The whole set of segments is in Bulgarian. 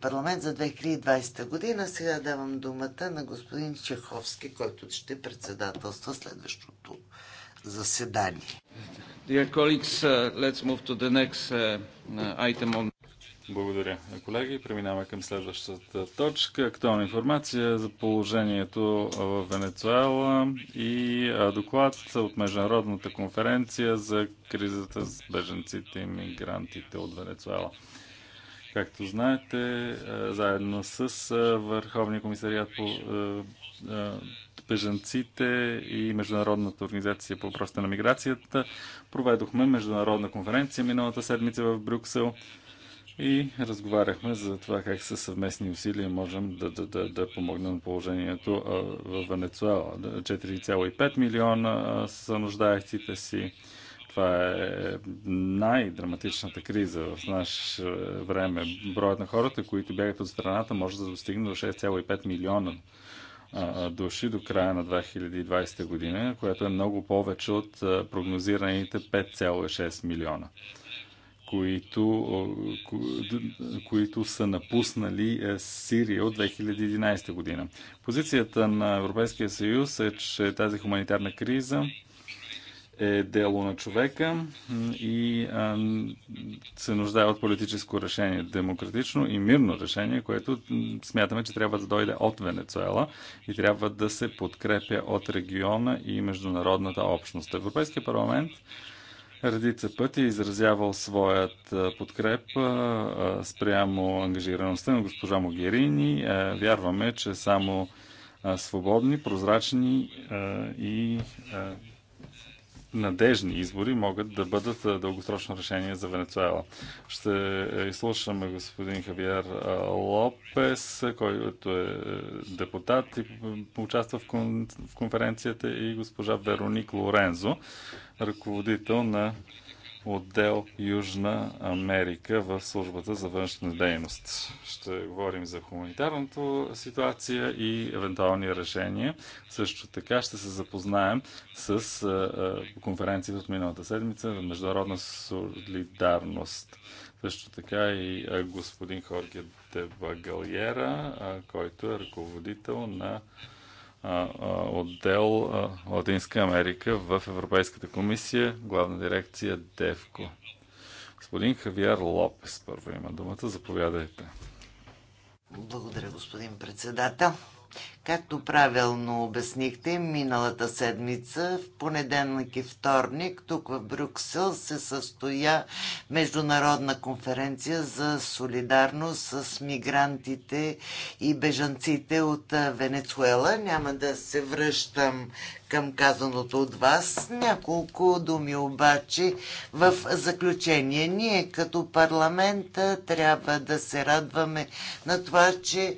парламент за 2020 година. Сега давам думата на господин Чеховски, който ще председателства следващото заседание. Благодаря, колеги. Преминаваме към следващата точка. Актуална информация за положението в Венецуела и доклад от Международната конференция за кризата с беженците и мигрантите от Венецуела. Както знаете, заедно с Върховния комисариат по бежанците и Международната организация по въпросите на миграцията проведохме международна конференция миналата седмица в Брюксел и разговаряхме за това как със съвместни усилия можем да, да, да, да помогнем положението в Венецуела. 4,5 милиона са нуждаещите си това е най-драматичната криза в наше време. Броят на хората, които бягат от страната, може да достигне до 6,5 милиона души до края на 2020 година, което е много повече от е, прогнозираните 5,6 милиона, които, които са напуснали е, Сирия от 2011 година. Позицията на Европейския съюз е, че тази хуманитарна криза е дело на човека и а, се нуждае от политическо решение, демократично и мирно решение, което смятаме, че трябва да дойде от Венецуела и трябва да се подкрепя от региона и международната общност. Европейския парламент редица пъти е изразявал своят подкреп спрямо ангажираността на госпожа Могерини. Вярваме, че само свободни, прозрачни и надежни избори могат да бъдат дългосрочно решение за Венецуела. Ще е, изслушаме господин Хавиер Лопес, който е, е депутат и участва в конференцията, и госпожа Вероник Лорензо, ръководител на отдел Южна Америка в службата за външна дейност. Ще говорим за хуманитарната ситуация и евентуални решения. Също така ще се запознаем с конференцията от миналата седмица в международна солидарност. Също така и господин Хорге де Багалиера, който е ръководител на отдел Латинска Америка в Европейската комисия, главна дирекция ДЕВКО. Господин Хавиар Лопес първо има думата. Заповядайте. Благодаря, господин председател. Както правилно обяснихте, миналата седмица, в понеделник и вторник, тук в Брюксел се състоя международна конференция за солидарност с мигрантите и бежанците от Венецуела. Няма да се връщам към казаното от вас. Няколко думи обаче в заключение. Ние като парламент трябва да се радваме на това, че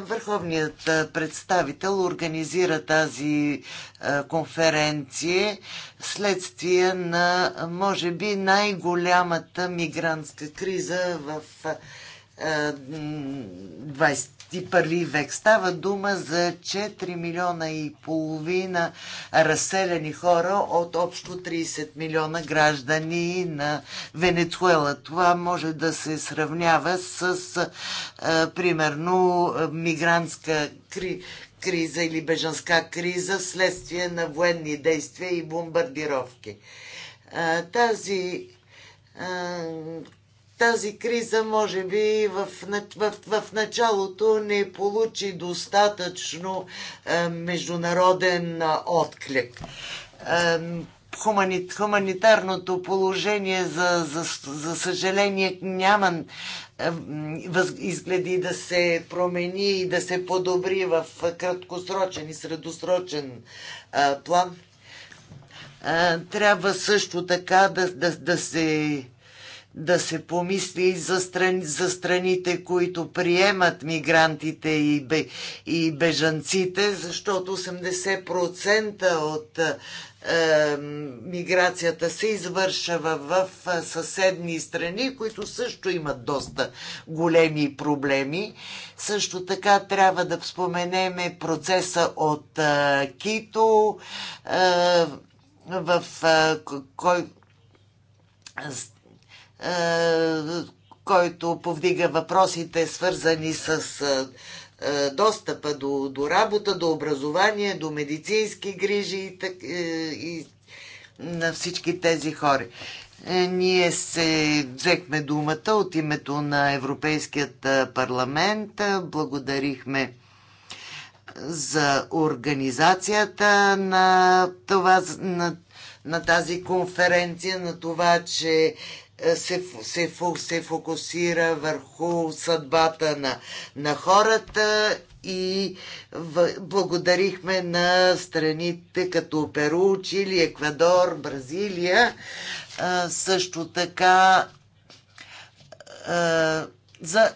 Върховният пред представител организира тази е, конференция следствие на, може би, най-голямата мигрантска криза в е, 21 век. Става дума за 4 милиона и половина разселени хора от общо 30 милиона граждани на Венецуела. Това може да се сравнява с а, примерно мигрантска кри, криза или бежанска криза вследствие на военни действия и бомбардировки. тази тази криза, може би, в, в, в началото не получи достатъчно е, международен е, отклик. Е, хуманит, хуманитарното положение, за, за, за съжаление, няма е, изгледи да се промени и да се подобри в краткосрочен и средосрочен е, план. трябва също така да, да, да се да се помисли и за, страни, за страните, които приемат мигрантите и, бе, и бежанците, защото 80% от е, миграцията се извършва в е, съседни страни, които също имат доста големи проблеми. Също така трябва да споменеме процеса от е, Кито, е, в е, кой е, който повдига въпросите, свързани с е, е, достъпа до, до работа, до образование, до медицински грижи и, так, и на всички тези хора. Ние се взехме думата от името на Европейският парламент. Благодарихме за организацията на, това, на, на тази конференция, на това, че се, се, се фокусира върху съдбата на, на хората и в, благодарихме на страните като Перу, Чили, Еквадор, Бразилия. А, също така а, за,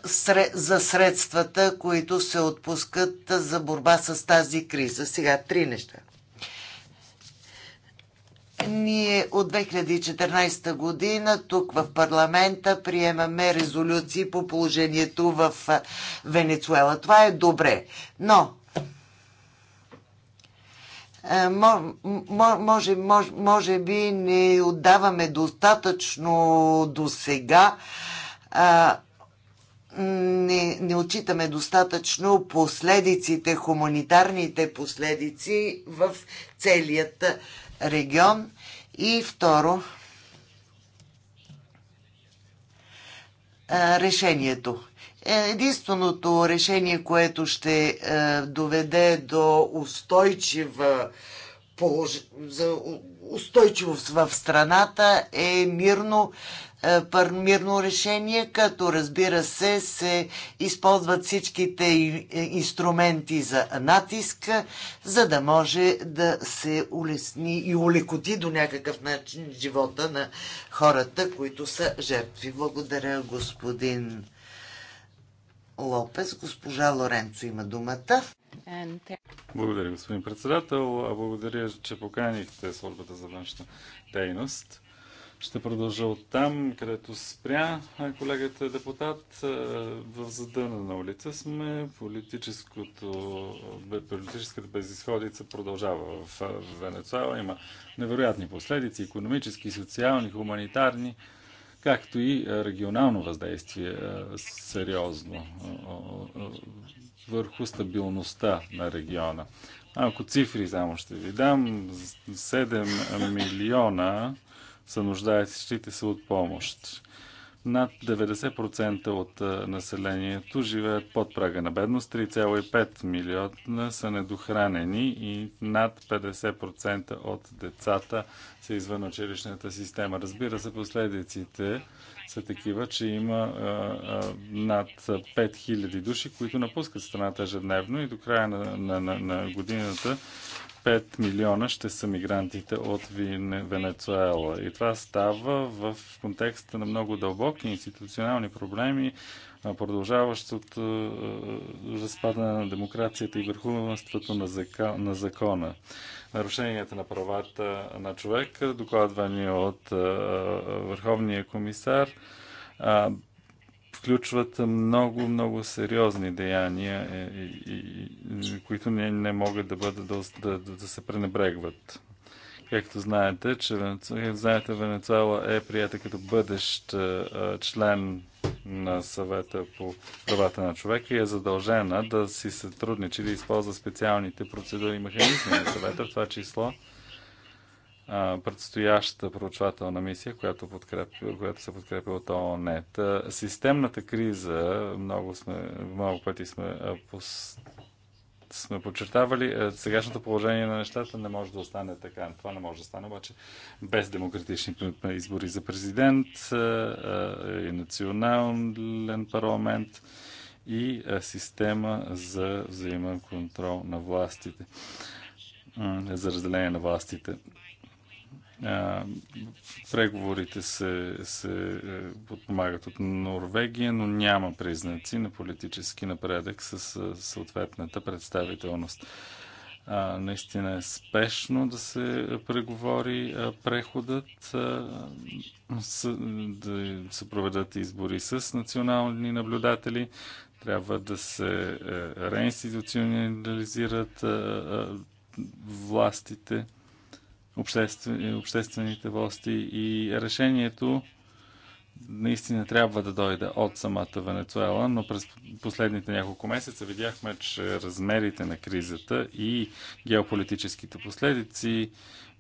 за средствата, които се отпускат за борба с тази криза. Сега три неща. Ние от 2014 година тук в парламента приемаме резолюции по положението в Венецуела. Това е добре. Но може, може, може би не отдаваме достатъчно до сега, не, не отчитаме достатъчно последиците, хуманитарните последици в целият регион. И второ, решението. Е, единственото решение, което ще е, доведе до устойчива устойчивост в страната е мирно е, мирно решение, като разбира се се използват всичките е, инструменти за натиск, за да може да се улесни и улекоти до някакъв начин живота на хората, които са жертви. Благодаря, господин Лопес. Госпожа Лоренцо има думата. Благодаря, господин председател. Благодаря, че поканихте службата за външна дейност. Ще продължа от там, където спря колегата е депутат. Е, в на улица сме. политическата безисходица продължава в Венецуела. Има невероятни последици, економически, социални, хуманитарни, както и е, регионално въздействие сериозно върху стабилността на региона. Малко цифри само ще ви дам. 7 милиона са нуждаещите се от помощ. Над 90% от населението живеят под прага на бедност, 3,5 милиона са недохранени и над 50% от децата са извън училищната система. Разбира се, последиците са такива, че има а, а, над 5000 души, които напускат страната ежедневно и до края на, на, на, на годината 5 милиона ще са мигрантите от Венецуела. И това става в контекста на много дълбоки институционални проблеми, продължаващото разпадане на демокрацията и върховенството на, закон, на закона. Нарушенията на правата на човека, докладвани от Върховния комисар, включват много, много сериозни деяния, е, е, и, и, които не, не могат да, бъдат, да, да, да се пренебрегват. Както знаете, че знаете, Венецуела е прията като бъдещ е, член на съвета по правата на човека и е задължена да си сътрудничи, да използва специалните процедури и механизми на съвета, в това число предстояща проучвателна мисия, която, подкрепи, която се подкрепи от ООН. Та, системната криза, много, сме, много пъти сме, пос, сме подчертавали, сегашното положение на нещата не може да остане така. Това не може да стане обаче без демократични избори за президент и национален парламент и система за взаимен контрол на властите за разделение на властите преговорите се, се е, подпомагат от Норвегия, но няма признаци на политически напредък с е, съответната представителност. А, наистина е спешно да се преговори а, преходът, а, с, да се проведат избори с национални наблюдатели, трябва да се е, реинституционализират властите обществен, обществените власти и решението наистина трябва да дойде от самата Венецуела, но през последните няколко месеца видяхме, че размерите на кризата и геополитическите последици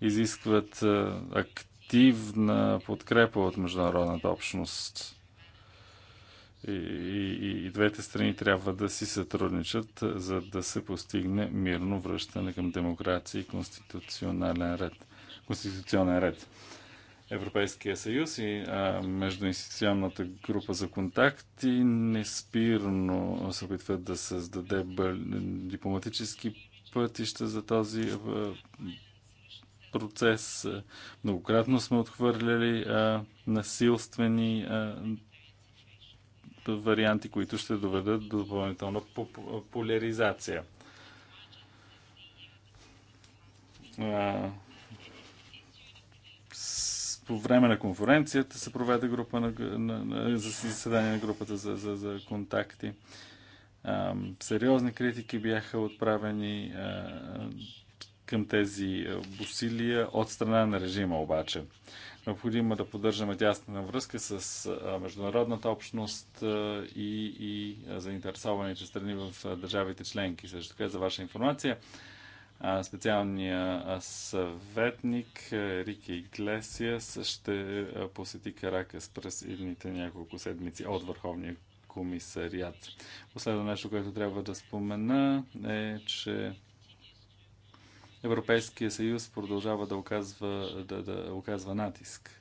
изискват активна подкрепа от международната общност. И, и, и двете страни трябва да си сътрудничат, за да се постигне мирно връщане към демокрация и конституционален ред. Конституционен ред. Европейския съюз и а, междуинституционната група за контакти неспирно се опитват да създаде бъл... дипломатически пътища за този процес. Многократно сме отхвърляли а, насилствени а, варианти, които ще доведат до допълнителна поляризация. По време на конференцията се проведе група на, на, на, заседание на групата за, за, за контакти. А, сериозни критики бяха отправени а, към тези усилия от страна на режима обаче. Необходимо е да поддържаме тясна връзка с международната общност и, и заинтересованите страни в държавите членки. Също така, за ваша информация, специалният съветник Рики Иглесиас ще посети Каракас през едните няколко седмици от Върховния комисариат. Последно нещо, което трябва да спомена е, че Европейския съюз продължава да оказва, да, да оказва натиск.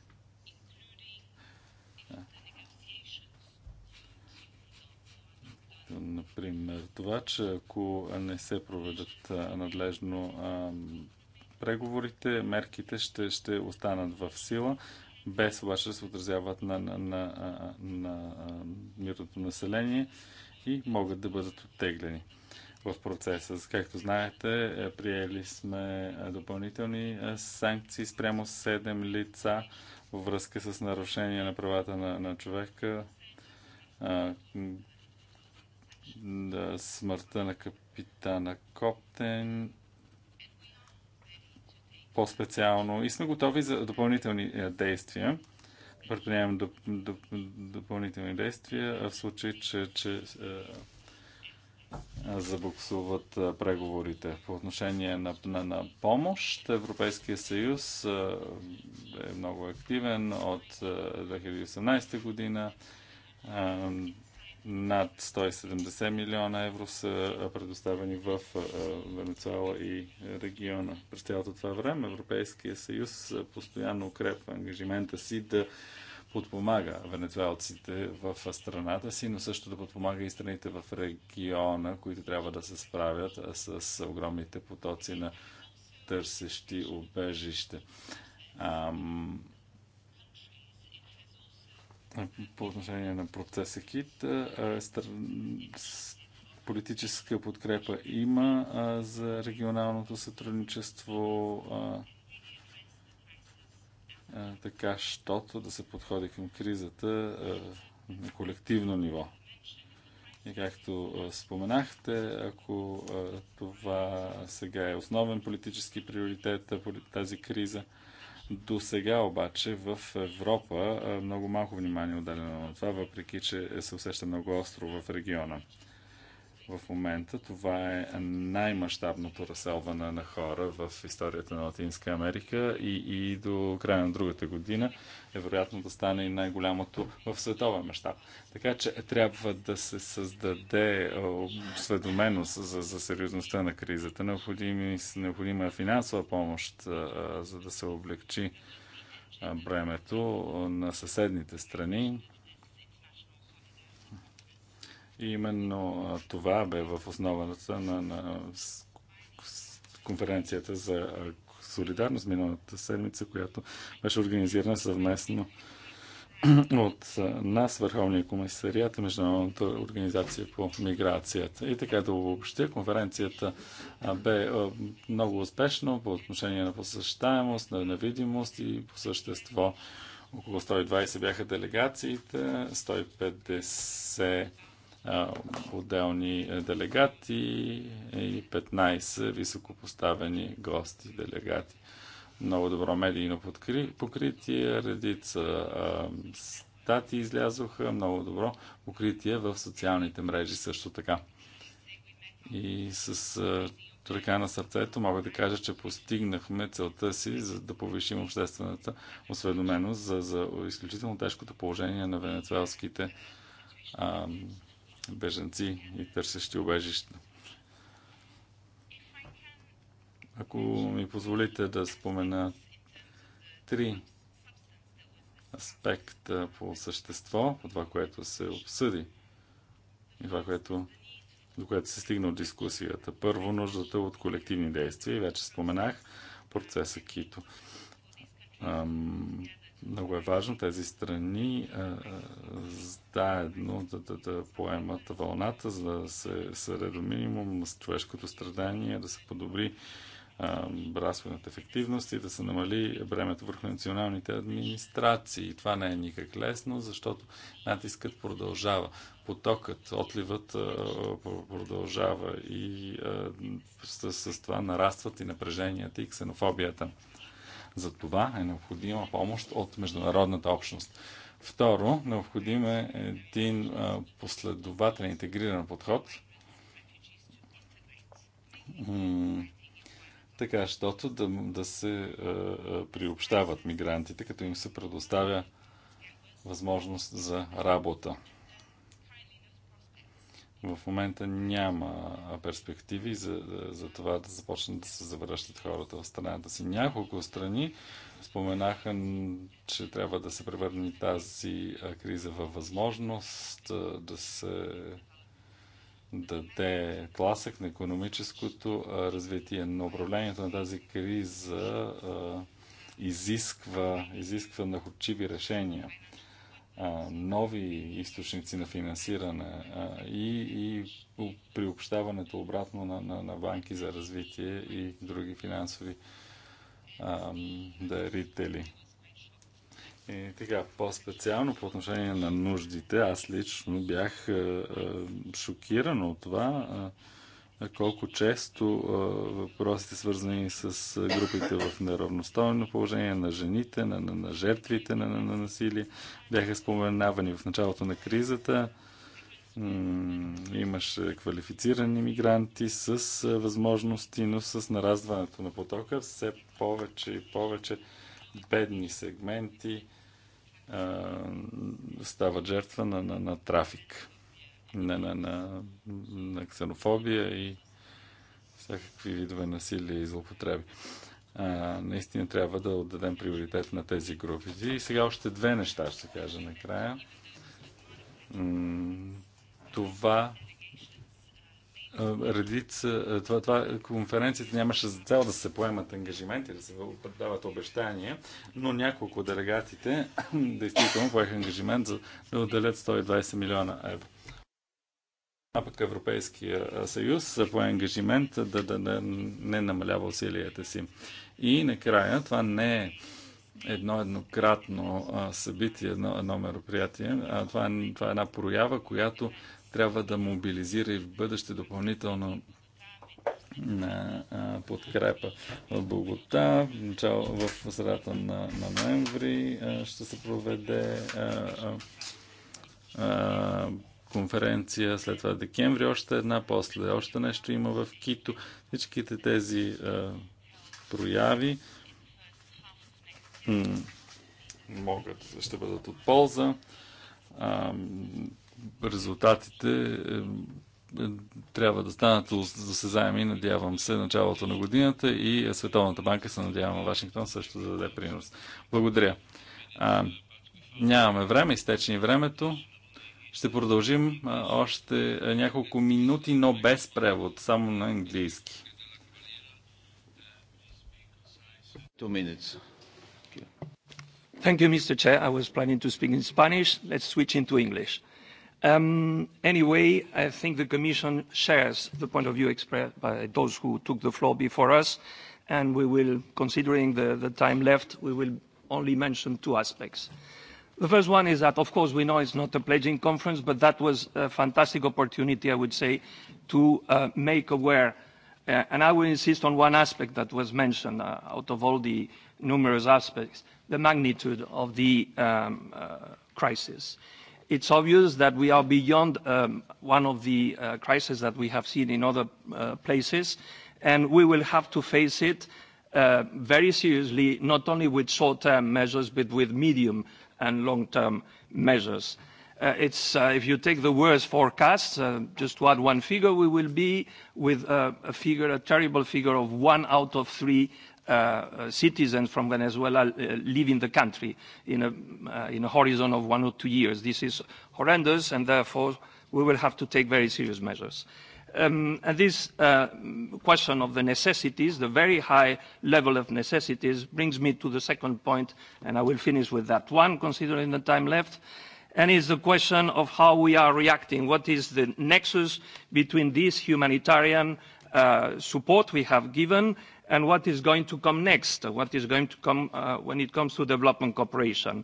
Например, това, че ако не се проведат надлежно преговорите, мерките ще, ще останат в сила, без обаче да се отразяват на, на, на, на, на мирното население и могат да бъдат оттеглени в процеса. Както знаете, е, приели сме е, допълнителни е, санкции спрямо 7 лица във връзка с нарушение на правата на, на човека, смъртта на капитана Коптен по-специално и сме готови за допълнителни действия. Предприемем доп, доп, допълнителни действия в случай, че, че забуксуват преговорите. По отношение на, на, на помощ, Европейския съюз е много активен от 2018 година. Над 170 милиона евро са предоставени в Венецуела и региона. През цялото това време Европейския съюз постоянно укрепва ангажимента си да подпомага венецуелците в страната си, но също да подпомага и страните в региона, които трябва да се справят с огромните потоци на търсещи убежище. Ам... По отношение на процеса КИТ, политическа подкрепа има за регионалното сътрудничество така, щото да се подходи към кризата на колективно ниво. И както споменахте, ако това сега е основен политически приоритет, тази криза, до сега обаче в Европа много малко внимание е отделено на това, въпреки че се усеща много остро в региона в момента. Това е най-мащабното разселване на хора в историята на Латинска Америка и, и до края на другата година е вероятно да стане и най-голямото в световен мащаб. Така че трябва да се създаде осведоменост за, за сериозността на кризата. Необходим, необходима е финансова помощ, за да се облегчи бремето на съседните страни и именно това бе в основата на, на конференцията за солидарност миналата седмица, която беше организирана съвместно от нас, Върховния комисарият и Международната организация по миграцията. И така да обобщя, конференцията бе много успешна по отношение на посещаемост, на невидимост и по същество около 120 бяха делегациите, 150 отделни е, делегати и 15 високопоставени гости делегати. Много добро медийно покритие, редица стати излязоха, много добро покритие в социалните мрежи също така. И с ръка на сърцето мога да кажа, че постигнахме целта си за да повишим обществената осведоменост за, за изключително тежкото положение на венецуелските ам, бежанци и търсещи убежище. Ако ми позволите да спомена три аспекта по същество, по това, което се обсъди и това, което, до което се стигна от дискусията. Първо, нуждата от колективни действия, вече споменах процеса Кито. Много е важно тези страни заедно да, да, да поемат вълната, за да се съде до минимум с човешкото страдание, да се подобри разходната ефективност и да се намали бремето върху националните администрации. Това не е никак лесно, защото натискът продължава. Потокът, отливът продължава и с, с това нарастват и напреженията и ксенофобията. За това е необходима помощ от международната общност. Второ, необходим е един последователен интегриран подход, така, щото да, да се приобщават мигрантите, като им се предоставя възможност за работа в момента няма перспективи за, за това да започнат да се завръщат хората в страната си. Няколко страни споменаха, че трябва да се превърне тази криза във възможност да се даде тласък на економическото развитие. Но управлението на тази криза изисква, изисква находчиви решения нови източници на финансиране и, и приобщаването обратно на, на, на банки за развитие и други финансови дарители. И така, по-специално по отношение на нуждите, аз лично бях шокиран от това. А, колко често въпросите свързани с групите в неравностойно положение на жените, на, на, на жертвите на, на, на насилие бяха споменавани в началото на кризата. Имаше квалифицирани мигранти с възможности, но с нарастването на потока все повече и повече бедни сегменти стават жертва на, на, на трафик на, на, на, на ксенофобия и всякакви видове насилие и злопотреби. А, наистина трябва да отдадем приоритет на тези групи. И сега още две неща ще кажа накрая. Това редица, това, това конференцията нямаше за цел да се поемат ангажименти, да се дават обещания, но няколко делегатите действително поеха ангажимент за да отделят 120 милиона евро а пък Европейския съюз по ангажимент да, да, да не намалява усилията си. И накрая, това не е едно еднократно събитие, едно, едно мероприятие, а това, е, това е една проява, която трябва да мобилизира и в бъдеще допълнително на подкрепа в Богота. в средата на, на ноември ще се проведе а, а конференция, след това декември още една, после още нещо има в Кито. Всичките тези а, прояви могат, ще бъдат от полза. А, резултатите е, е, трябва да станат засезаеми, надявам се, началото на годината и е, Световната банка се надявам Вашингтон също да даде принос. Благодаря. А, нямаме време, изтече времето. Ще продължим още няколко минути, но без превод, само на английски. Two minutes. Thank you, Mr. Chair. I was planning to speak in Spanish. Let's switch into English. Um, anyway, I think the Commission shares the point of view expressed by those who took the floor before us, and we will, considering the, the time left, we will only mention two aspects. The first one is that, of course, we know it's not a pledging conference, but that was a fantastic opportunity, I would say, to uh, make aware. Uh, and I will insist on one aspect that was mentioned uh, out of all the numerous aspects, the magnitude of the um, uh, crisis. It's obvious that we are beyond um, one of the uh, crises that we have seen in other uh, places, and we will have to face it uh, very seriously, not only with short-term measures, but with medium-term and long-term measures. It's if you take the worst forecast, just to add one figure, we will be with a figure, a terrible figure of one out of three citizens from Venezuela leaving the country in a in a horizon of one or two years. This is horrendous, and therefore, we will have to take very serious measures. Um, and this uh, question of the necessities, the very high level of necessities, brings me to the second point, and I will finish with that one, considering the time left and is the question of how we are reacting. What is the nexus between this humanitarian uh, support we have given and what is going to come next, what is going to come uh, when it comes to development cooperation.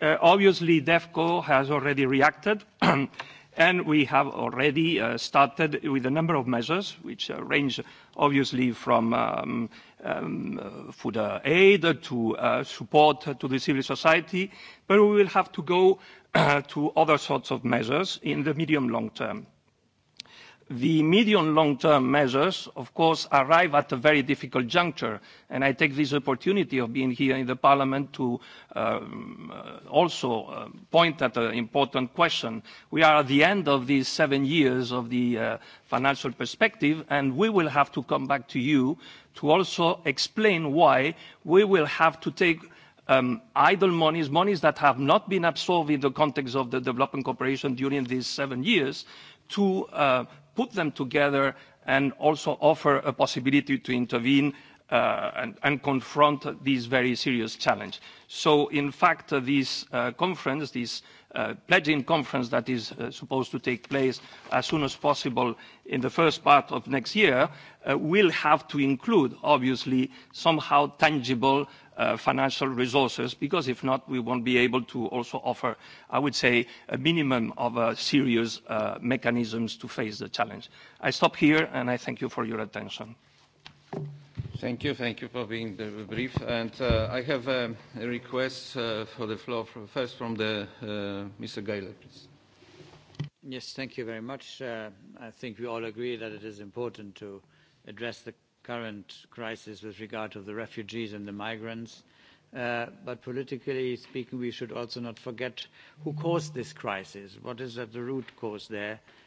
Uh, obviously, DEFCO has already reacted we have already started with a number of measures, which range obviously from food aid to support to the civil society, but we will have to go to other sorts of measures in the medium long term the medium long-term measures, of course, arrive at a very difficult juncture. And I take this opportunity of being here in the Parliament to also point at an important question. We are at the end of these seven years of the financial perspective, and we will have to come back to you to also explain why we will have to take idle monies, monies that have not been absorbed in the context of the development cooperation during these seven years, to uh, put them together and also offer a possibility to intervene uh, and, and confront this very serious challenge. So in fact, uh, this uh, conference, this pledging conference that is uh, supposed to take place as soon as possible in the first part of next year uh, will have to include, obviously, somehow tangible uh, financial resources, because if not, we won't be able to also offer, I would say, a minimum of uh, serious uh, mechanisms to face the challenge. I stop here, and I thank you for your attention. Thank you. Thank you for being brief. And uh, I have a request uh, for the floor from, first from the, uh, Mr. Geiler, please. Yes, thank you very much. Uh, I think we all agree that it is important to address the current crisis with regard to the refugees and the migrants. Uh, but politically speaking, we should also not forget who caused this crisis. What is at the root cause there?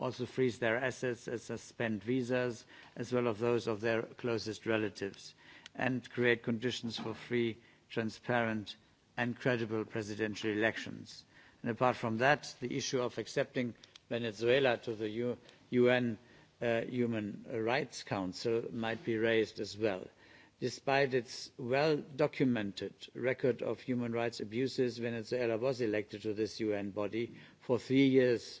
also freeze their assets and suspend visas, as well as those of their closest relatives, and create conditions for free, transparent, and credible presidential elections. And apart from that, the issue of accepting Venezuela to the U UN uh, Human Rights Council might be raised as well. Despite its well-documented record of human rights abuses, Venezuela was elected to this UN body for three years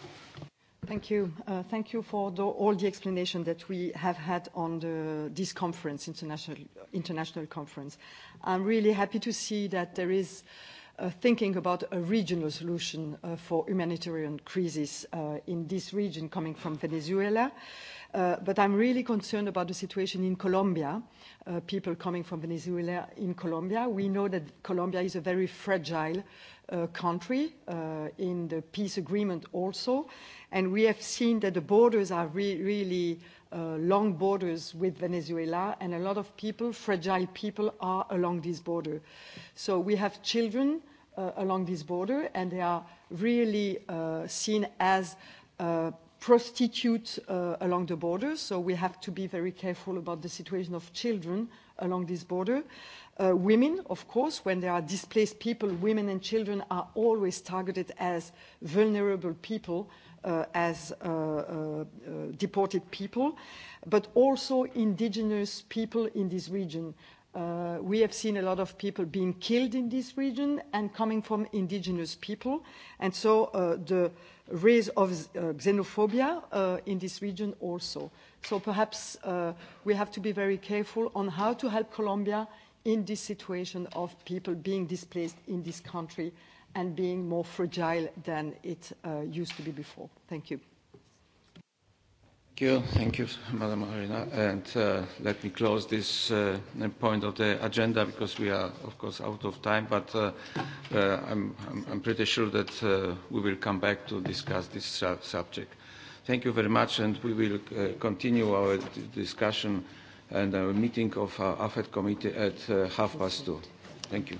Thank you. thank you for the, all the explanation that we have had on the, this conference, international, conference. I'm really happy to see that there is thinking about a regional solution for humanitarian crisis in this region coming from Venezuela. Uh, but I'm really concerned about the situation in Colombia, uh, people coming from Venezuela in Colombia. We know that Colombia is a very fragile uh, country uh, in the peace agreement also. And we have seen that the borders are re- really uh, long borders with Venezuela, and a lot of people, fragile people, are along this border. So we have children uh, along this border, and they are really uh, seen as uh, prostitutes uh, along the border, so we have to be very careful about the situation of children along this border. Uh, women, of course, when there are displaced people, women and children are always targeted as vulnerable people, uh, as uh, uh, uh, deported people, but also indigenous people in this region Uh, we have seen a lot of people being killed in this region and coming from indigenous people. And so uh, the rise of uh, xenophobia uh, in this region also. So perhaps uh, we have to be very careful on how to help Colombia in this situation of people being displaced in this country and being more fragile than it uh, used to be before. Thank you you. Thank you, Madam Arena. And uh, let me close this uh, point of the agenda because we are, of course, out of time. But uh, uh, I'm, I'm, I'm pretty sure that uh, we will come back to discuss this su subject. Thank you very much, and we will uh, continue our discussion and our meeting of our AFET committee at uh, half past two. Thank you.